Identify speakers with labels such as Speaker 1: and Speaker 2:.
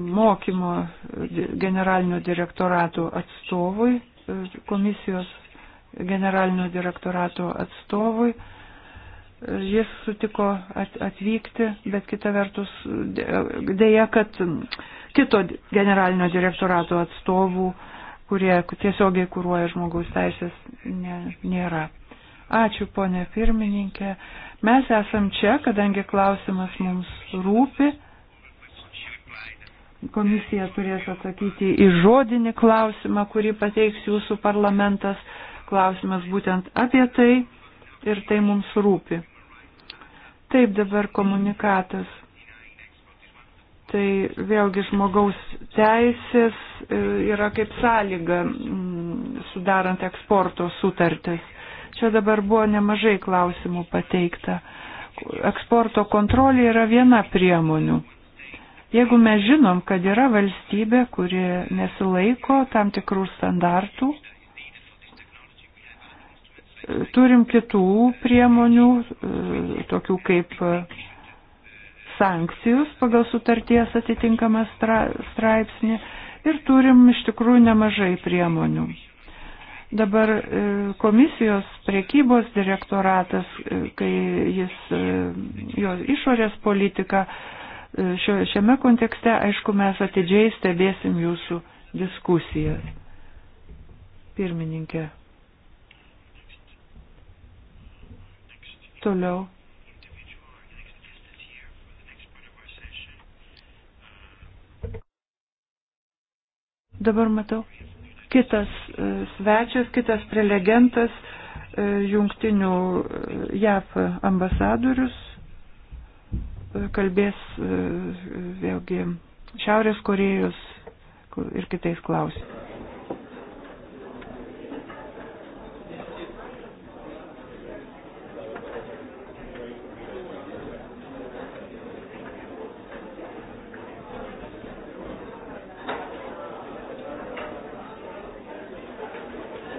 Speaker 1: mokymo generalinio direktorato atstovui, komisijos generalinio direktorato atstovui. Jis sutiko atvykti, bet kita vertus dėja, kad kito generalinio direktorato atstovų, kurie tiesiogiai kūruoja žmogaus teisės, nėra. Ačiū, ponė pirmininkė. Mes esam čia, kadangi klausimas mums rūpi komisija turės atsakyti į žodinį klausimą, kurį pateiks jūsų parlamentas. Klausimas būtent apie tai ir tai mums rūpi. Taip dabar komunikatas. Tai vėlgi žmogaus teisės e, yra kaip sąlyga mm, sudarant eksporto sutartis. Čia dabar buvo nemažai klausimų pateikta. Eksporto kontrolė yra viena priemonių Jeigu mes žinom, kad yra valstybė, kuri nesilaiko tam tikrų standartų, turim kitų priemonių, tokių kaip sankcijus pagal sutarties atitinkamą straipsnį ir turim iš tikrųjų nemažai priemonių. Dabar e, komisijos priekybos direktoratas, e, kai jis, e, jo išorės politika Šiame kontekste, aišku, mes atidžiai stebėsim jūsų diskusijas. Pirmininkė. Toliau. Dabar matau. Kitas e, svečias, kitas prelegentas, e, jungtinių e, JAF ambasadorius kalbės e, vėlgi Šiaurės Korejos ir kitais klausimais.